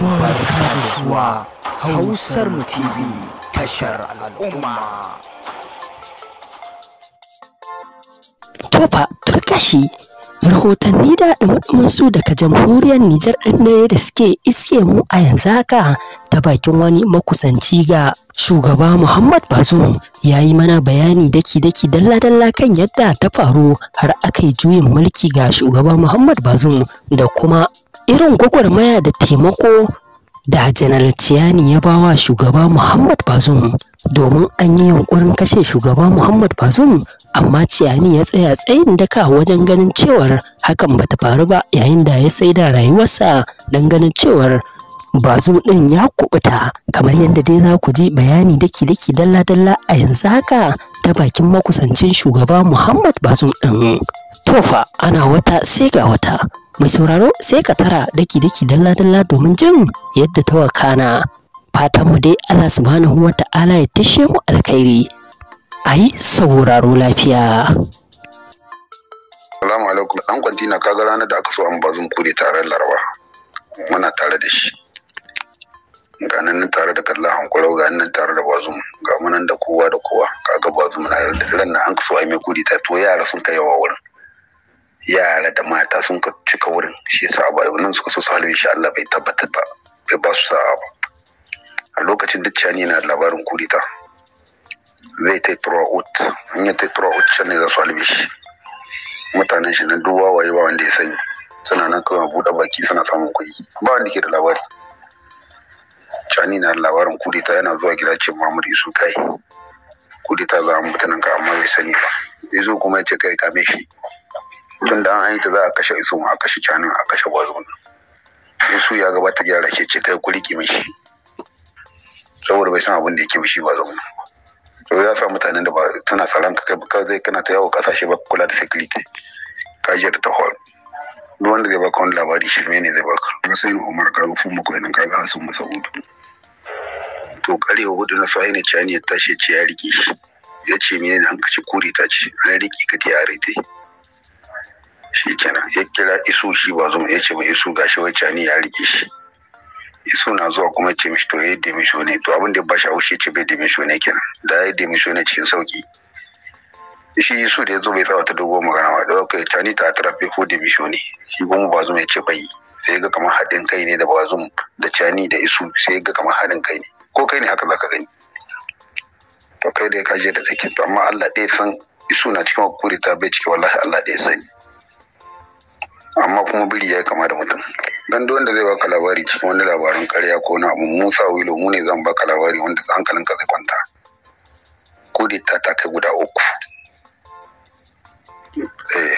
barka da zuwa hausar mu tv tashar al'umma tofa turkashi rahotanni da ɗumɗumin daga jamhuriyar Nijar ɗin ne da suke iske mu a yanzu haka ta bakin wani makusanci ga shugaba Muhammad Bazum ya yi mana bayani daki-daki dalla-dalla kan yadda ta faru har aka yi juyin mulki ga shugaba Muhammad Bazum da kuma irin gwagwarmaya da taimako da janar ciyani ya bawa shugaba muhammad bazum domin an yi yunkurin kashe shugaba muhammad bazum amma ciyani ya tsaya tsayin daka wajen ganin cewar hakan bata faru ba yayin da ya sai da rayuwarsa don ganin cewar bazum ɗin ya kubuta kamar yadda dai za ku ji bayani daki-daki dalla-dalla a yanzu haka ta bakin makusancin shugaba muhammad bazum ɗin tofa ana wata sai ga wata Mai sauraro sai ka tara daki-daki dalla-dalla domin jin yadda ta wakana. Fatan mu dai Allah subhanahu wa ta'ala ya tashe mu alkhairi. Ayi sauraro lafiya. Assalamu alaikum. Dan kwantina kaga ranar da aka so an bazun kure taron Laraba. Muna tare da shi. ga nan tare da kallon hankulau ga nan tare da bazum ga nan da kowa da kowa kaga bazum na ran na an kaso ai mai kudi ta to yara sun kai yawa wurin yara da mata sun ka cika wurin shi yasa ba nan suka so salu insha Allah bai tabbatar ba bai ba su sa'a ba a lokacin duk cani na labarin kurita zai ta throughout in yi ta throughout can ne za su halbe shi mutanen shi na duk wawaye ba wanda ya sani suna nan kawai buɗe baki suna samun kuɗi ba wanda ke da labari cani na labarin kurita yana zuwa gida ce mamuri su kai kurita za a mutanen ka amma bai sani ba ya zo kuma ya ce kai kame shi kudin da an yi ta za a kashe iso a kashe canin a kashe bazon su ya gabata gyara shi ce kai kuri kimi shi saboda bai san abin da yake bishi bazon to ya sa mutanen da ba tana tsaron ka kai ka zai kana ta yawo kasashe ba kula da security je da ta hall duk wanda zai baka wani labari shirme ne zai baka ka sai umar ka rufu fuma koyin ka ga masa hudu to karewa hudu na sai ne ciyani ya tashi ya rike shi ya ce mene ne an kaci kore ta ce an rike ka ta yare dai shi kenan ya kira isu shi ba zuma ya ce mai isu gashi wacce ni ya rike shi isu na zuwa kuma ce mishi to ya demisho ne to abin da ba shi aushe ce bai demisho ne kenan da yayi demisho ne cikin sauki shi isu da ya zo bai tsawa ta dogon magana ba da kai tani ta tarafe ko demisho ne shi kuma ba zuma ya ce bai sai ga kamar haɗin kai ne da bazum da cani da isu sai ga kamar haɗin kai ne ko kai ne haka zaka gani to kai da ka je da take amma Allah ɗaya san isu na cikin hukuri ta bai cike wallahi Allah ɗaya sani amma kuma biri ya kama da mutum dan duk wanda zai baka labari cikin wani labarin karya ko na abu musa wilo mu ne zan baka labari wanda hankalinka zai kwanta kudita ta kai guda uku eh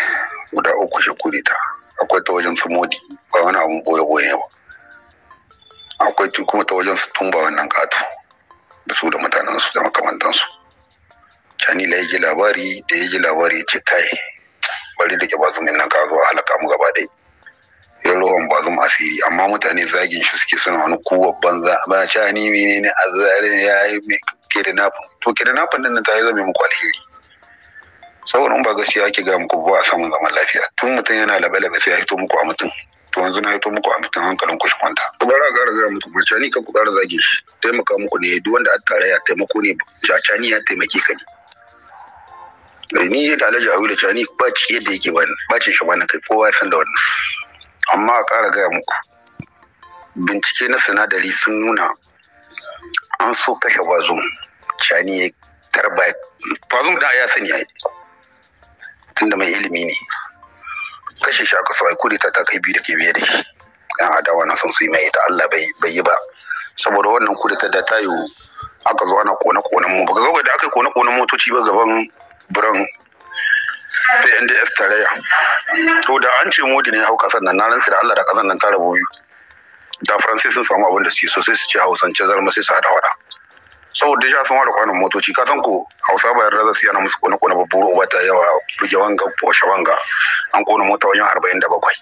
guda uku shi ta akwai ta wajen su modi ba wani abun boye boye ba akwai kuma ta wajen su tumba wannan katu da su da mutanen su da makamantansu cani la ya ji labari da ya ji labari ya ce kai bari da ke bazumin nan ka zo a halaka mu gaba dai ya rohon bazum asiri amma mutane zagin shi suke suna wani kowa banza ba cha ni mene ne azare ya yi mai kidnapping to kidnapping din ta yi zama muku alheri saboda in ba gaskiya ake ga muku ba a samun zaman lafiya tun mutum yana labe sai ya hito muku a mutum to yanzu na hito muku a mutum hankalin ku shi kwanta to a ga ga muku ba cha ni ka ku ƙara zagin shi taimaka muku ne duk wanda a tare ya taimako ne ba cha ni ya taimake ka ne Eh, ni yadda alhaji a wuri ni ba ci yadda yake bani ba ci shi bani kai kowa ya san da wannan amma a ƙara gaya muku bincike na sinadari sun nuna an so kashe wazo cani ya tarba wazo da ya sani ya yi tunda mai ilimi ne kashe shi aka sauwa kuri ta kai biyu da ke biye da shi yan adawa na son su yi mai ita Allah bai yi ba saboda wannan kuri ta da ta yiwu aka zo ana kone-konen mu ba ga da aka yi kone-konen motoci ba gaban biran PNDS tarayya to da an ce modi ne ya hau kasar nan na rantsi da Allah da kasar nan ta rabu biyu da Faransai sun samu abin da su yi sai su ce hausance zarma sai su hada wada saboda ya sun wada kwanan motoci ka san ko hausa bayan raza su yana musu kone kone babbar uba ta yawa buge wanga boshe wanga an kona mota wajen arba'in da bakwai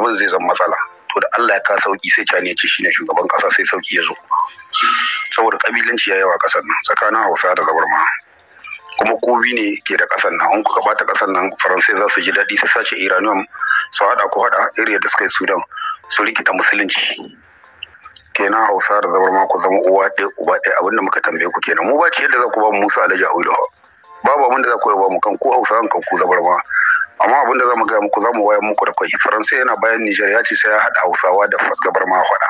abin zai zama matsala to da Allah ya ka sauki sai cani ya ce ne shugaban kasa sai sauki ya zo saboda kabilanci ya yawa kasar nan tsakanin hausa da zabarma kuma kowi ne ke da kasar nan an kuka bata kasar nan faransai za su ji daɗi su sace iranium su haɗa ko haɗa iri da suka yi sudan su rikita musulunci kenan hausa da zabar ma ku zama uwa ɗaya uba ɗaya abinda muka tambaye ku kenan mu ba ce yadda za ku ba mu musa alhaji ahudu babu abin da za ku ba mu kan ku hausa kan ku zabar ma amma abin da za mu gaya muku za mu wayar muku da kai faransai yana bayan nijar ya ce sai ya haɗa hausawa da zabar ma haɗa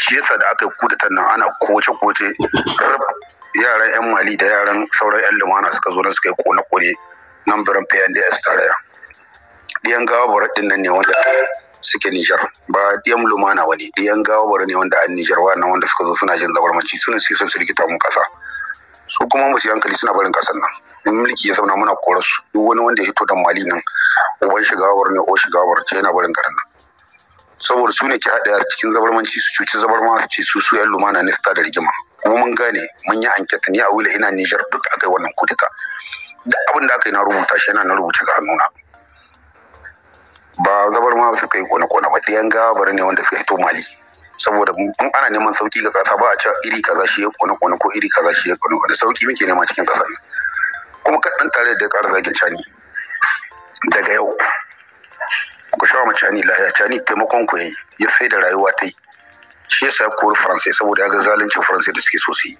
shi yasa da aka yi kudatan nan ana kowace-kowace yaran 'yan mali da yaran sauran 'yan lumana suka zo nan suka yi kone-kone nan biran pnds tarayya diyan gawabar din nan ne wanda suke nijar ba diyan lumana wani diyan gawabar ne wanda an nijar nan wanda suka zo suna jin zabarmanci suna su sun rikita mun kasa su kuma musu hankali suna barin kasar nan in mulki ya zauna muna kora su duk wani wanda ya hito da mali nan uban shigawar ne o shigawar ce yana barin garin nan saboda su ne ke haɗaya, cikin zabarmanci su cuci zabarma su su su yan lumana ne su da rigima kuma mun gane mun yi anketa ni a wila ina Niger duk kai wannan kudita duk abin da aka yi na rubuta shi yana na rubuce ga hannuna ba zabar ma su kai kone kone ba ɗayan gabar ne wanda suka fito mali saboda mun ana neman sauki ga kasa ba a ce iri kaza shi ya kone kone ko iri kaza shi ya kone kone sauki muke nema cikin kasar kuma kaɗan tare da ƙara zagin cani daga yau ku sha ma cani lahiya cani taimakon ku yi ya sai da rayuwa ta yi shi yasa ya kori faransai saboda ya ga zaluncin faransai da suke sosai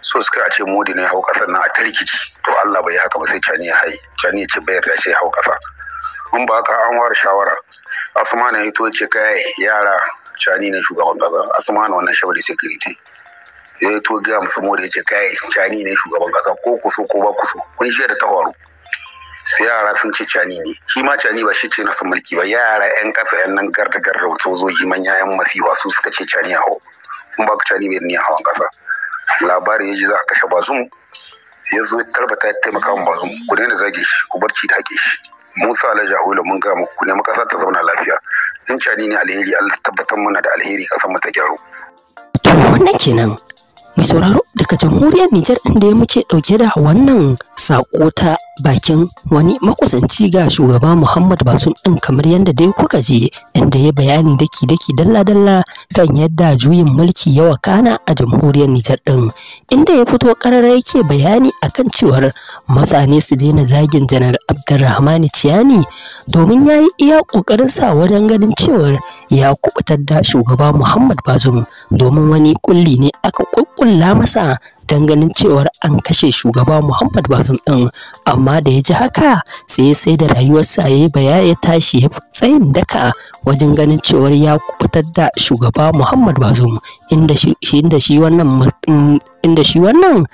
a so suka ce modi ne hau kasar nan a tarkici to allah bai haka ba sai cani ya hai cani ya ce bayar da sai hau kasa in ba haka an ware shawara asmana ya to ce kai yara cani ne shugaban kasa asmana wannan shabari security ya to gaya musu modi ya ce kai cani ne shugaban kasa ko kuso ko ba kuso kun shi da ta faru yara sun ce cani ne shi ma cani ba shi ce na mulki ba yara yan kasa yan nan garda garda wato zo yi manya yan masiwa su suka ce cani hau in ba ku cani bai ni hawan kasa Labarin ya ji za a kashe bazum ya zo tarbata ya taimaka min bazum ku daina zage shi ku barci da hake shi musa alhaji ahulu mun ga ku ne kasa ta zauna lafiya in cani ne alheri allah tabbatar mana da alheri kasan mu ta gyaro to wannan kenan sauraro daga jamhuriyar Nijar inda ya muke ɗauke da wannan sako ta bakin wani makusanci ga shugaba Muhammad Basun ɗin kamar yadda dai kuka je inda ya bayani daki-daki dalla-dalla kan yadda juyin mulki ya wakana a jamhuriyar Nijar ɗin inda ya fito karara yake bayani akan cewar mutane su daina zagin janar Abdulrahman Ciyani domin yayi yi iya ƙoƙarinsa wajen ganin cewar ya kubutar da shugaba Muhammad Bazoum domin wani kulli ne aka kukkulla masa ganin cewar an kashe shugaba Muhammad Bazoum din amma da ya ji haka sai sai da rayuwarsa ya baya ya tashi ya tsayin daka wajen ganin cewar ya kubutar da shugaba Muhammad Bazoum inda shi inda shi wannan inda shi wannan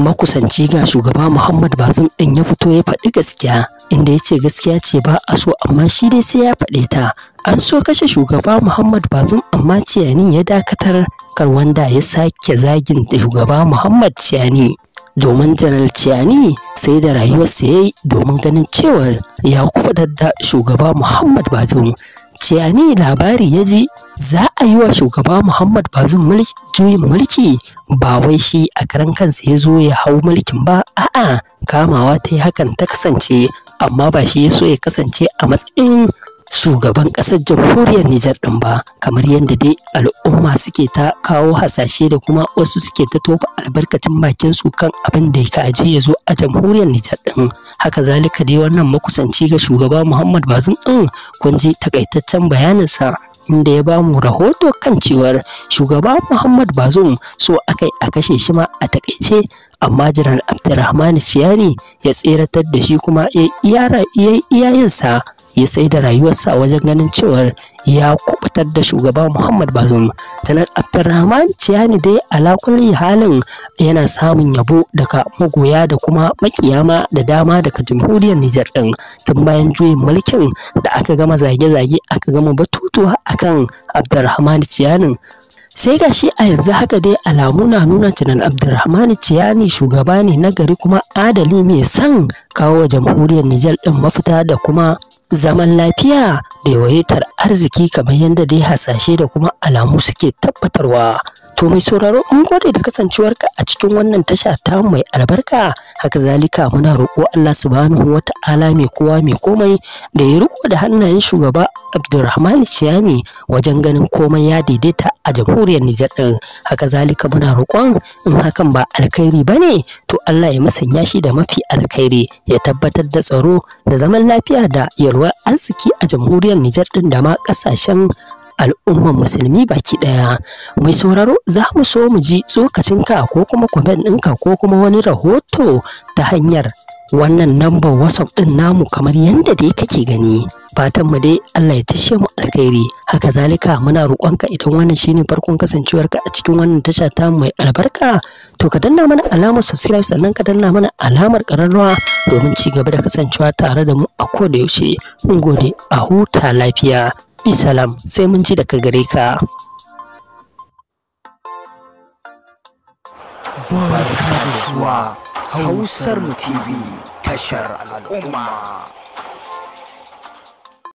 makusanci ga shugaba Muhammad Bazum din ya fito ya faɗi gaskiya inda yace gaskiya ce ba a so amma shi dai sai ya faɗe ta an so kashe shugaba muhammad bazum amma ciyani ya dakatar kar wanda ya sake zagin shugaba muhammad ciyani domin janar ciyani sai da rayuwarsa ya yi domin ganin cewar ya kuma dadda shugaba muhammad bazum ciyani labari ya ji za a yi wa shugaba muhammad bazum juyin mulki ba wai shi a karan kansa ya zo ya hau mulkin ba a'a kamawa ta yi hakan ta kasance amma ba shi ya so ya kasance a matsayin shugaban ƙasar jamhuriyar Nijar ɗin ba kamar yadda dai al'umma suke ta kawo hasashe da kuma wasu suke ta tofa albarkacin bakin su kan abin da ka aje ya zo a jamhuriyar Nijar ɗin haka zalika dai wannan makusanci ga shugaba Muhammad Bazum ɗin kun ji takaitaccen bayaninsa inda ya bamu rahoto kan cewar shugaba Muhammad Bazum so akai a kashe shi ma a takaice amma jiran Abdulrahman Ciyani ya tseratar da shi kuma ya iya iyayensa ya sai da rayuwarsa wajen ganin cewar ya kubutar da shugaba Muhammad Bazoum. Sanar Abdulrahman Ciyani dai ala halin yana samun yabo daga magoya da kuma makiyama da dama daga jamhuriyar Nijar din tun bayan juyin mulkin da aka gama zage-zage aka gama batutuwa akan Abdulrahman ciyani sai ga shi a yanzu haka dai alamu na nuna tunan abdulrahman ciyani shugaba ne na gari kuma adali mai san kawo jamhuriyar nijar din mafita da kuma zaman lafiya da yawaitar arziki kamar yadda dai hasashe da kuma alamu suke tabbatarwa To mai sauraro mun gode da kasancewarka a cikin wannan tasha ta mai albarka haka zalika muna roƙo Allah subhanahu wata'ala mai kowa mai komai da ya riko da hannayen shugaba Abdulrahman Shiyami wajen ganin komai ya daidaita a jamhuriyar Nijar din haka zalika muna roƙon in hakan ba alkhairi bane to Allah ya musanya shi da mafi alkhairi ya tabbatar da tsaro da zaman lafiya da yalwar arziki a jamhuriyar Nijar din da ma ƙasashen al'ummar musulmi baki ɗaya. Mai sauraro za mu so mu ji tsokacinka ko kuma kwamen ɗinka ko kuma wani rahoto ta hanyar wannan number WhatsApp ɗin namu kamar yadda dai kake gani. Fatan mu dai Allah ya tashe mu alkhairi. Haka zalika muna roƙonka idan wannan shine farkon kasancewarka a cikin wannan tasha ta mai albarka to ka danna mana alamar subscribe sannan ka danna mana alamar ƙararrawa domin ci gaba da kasancewa tare da mu a koda yaushe. Mun gode a huta lafiya. Salam sai mun ji daga gare ka. Barka da zuwa Hausar TV tashar al'umma.